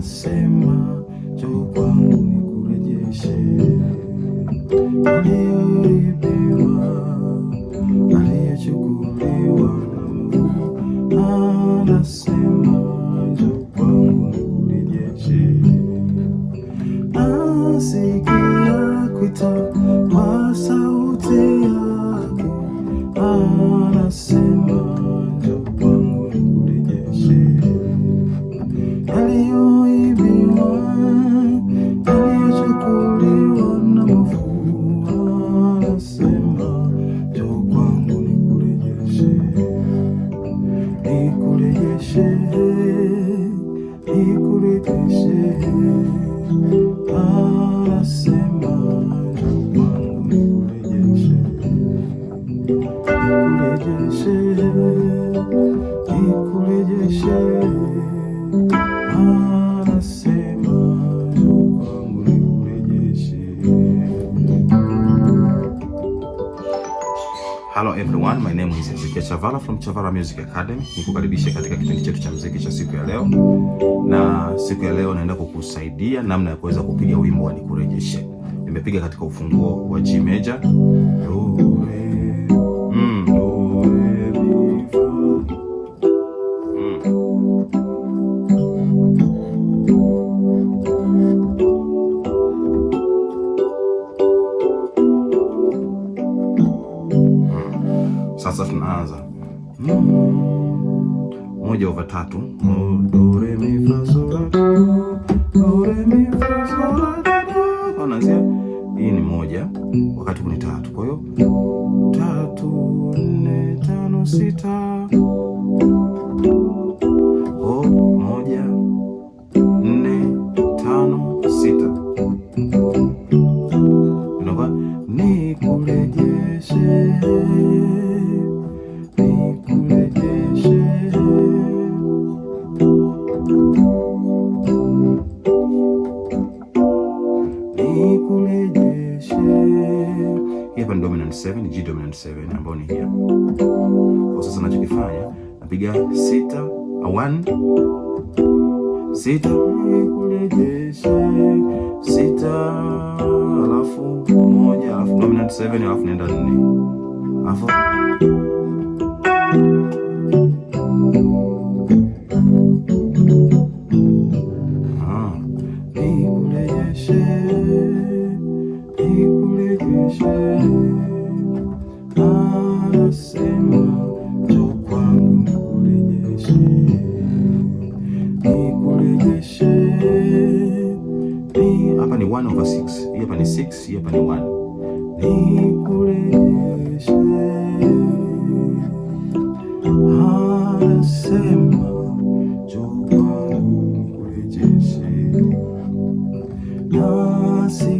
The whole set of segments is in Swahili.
unasema njoo kwangu nikurejeshe uliyoibiwa, aliyechukuliwa anasema njoo kwangu nikurejeshe, nasikia kuita share. Hello everyone, my name is Ezekiel Chavala from Chavala Music Academy. Nikukaribisha katika kipindi chetu cha muziki cha siku ya leo, na siku ya leo naenda kukusaidia namna ya kuweza kupiga wimbo wa Nikurejeshe. Nimepiga katika ufunguo wa G major. moja over tatu do re mi fa sol la do re mi fa sol la. Unaanzia hii ni moja wakati kuni tatu, kwa hiyo tatu nne tano sita dominant 7, G dominant 7 ambayo ni here. Kwa sasa nachokifanya napiga sita, 1 6 sita, alafu moja, alafu dominant 7, alafu nenda 4, alafu 1 over 6, hii hapa ni 6, hii hapa ni 1. anasema nasi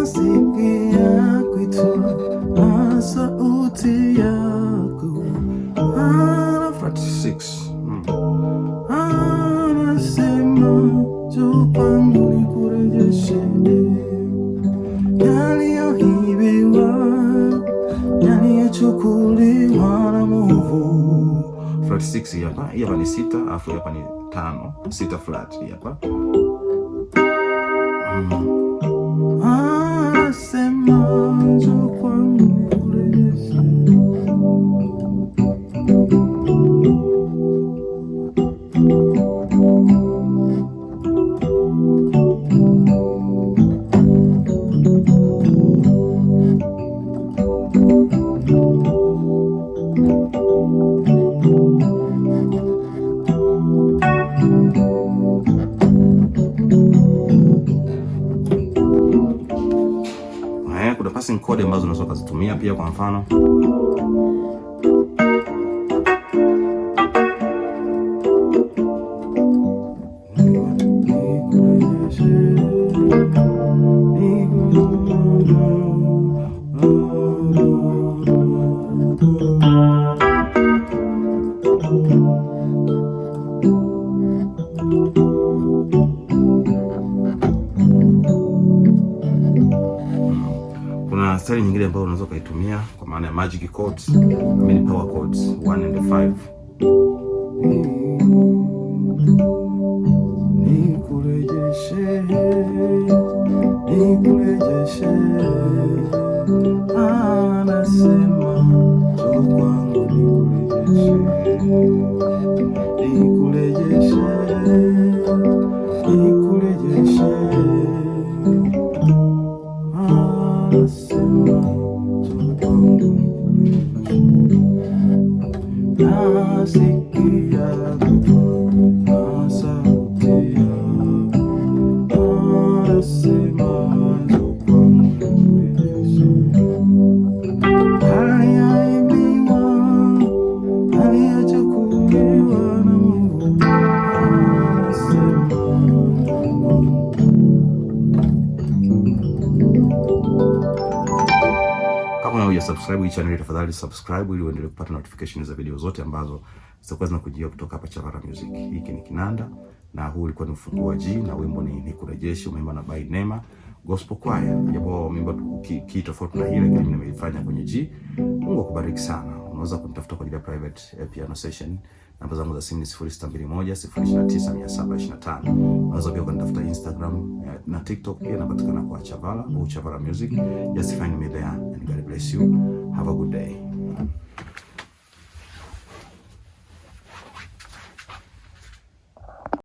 Nasikia kwitu na sauti yako anasema, Hapa ni sita, afu hapa ni tano sita flat hapa mm. passing chord ambazo unaweza kuzitumia pia, kwa mfano kuna nyingine ambayo unaweza ukaitumia kwa maana ya magic chords, power chords 1 and 5. hujasubscribe hii channel, tafadhali subscribe ili uendelee kupata notification za video zote ambazo zitakuwa zinakujia kutoka hapa Chavala Music. Hiki ni kinanda na huu ulikuwa ni ufunguo wa G na wimbo ni Nikurejeshe, umeimba na By Neema Gospel Choir. Japo wimbo ki, ki tofauti na ile kile nimeifanya kwenye G. Mungu akubariki sana. Unaweza kunitafuta kwa ajili ya private eh, piano session. Namba zangu za simu ni 0621 029725. Unaweza pia kunitafuta Instagram eh, na TikTok pia napatikana kwa Chavala au Chavala Music. Just find me there and God bless you. Have a good day.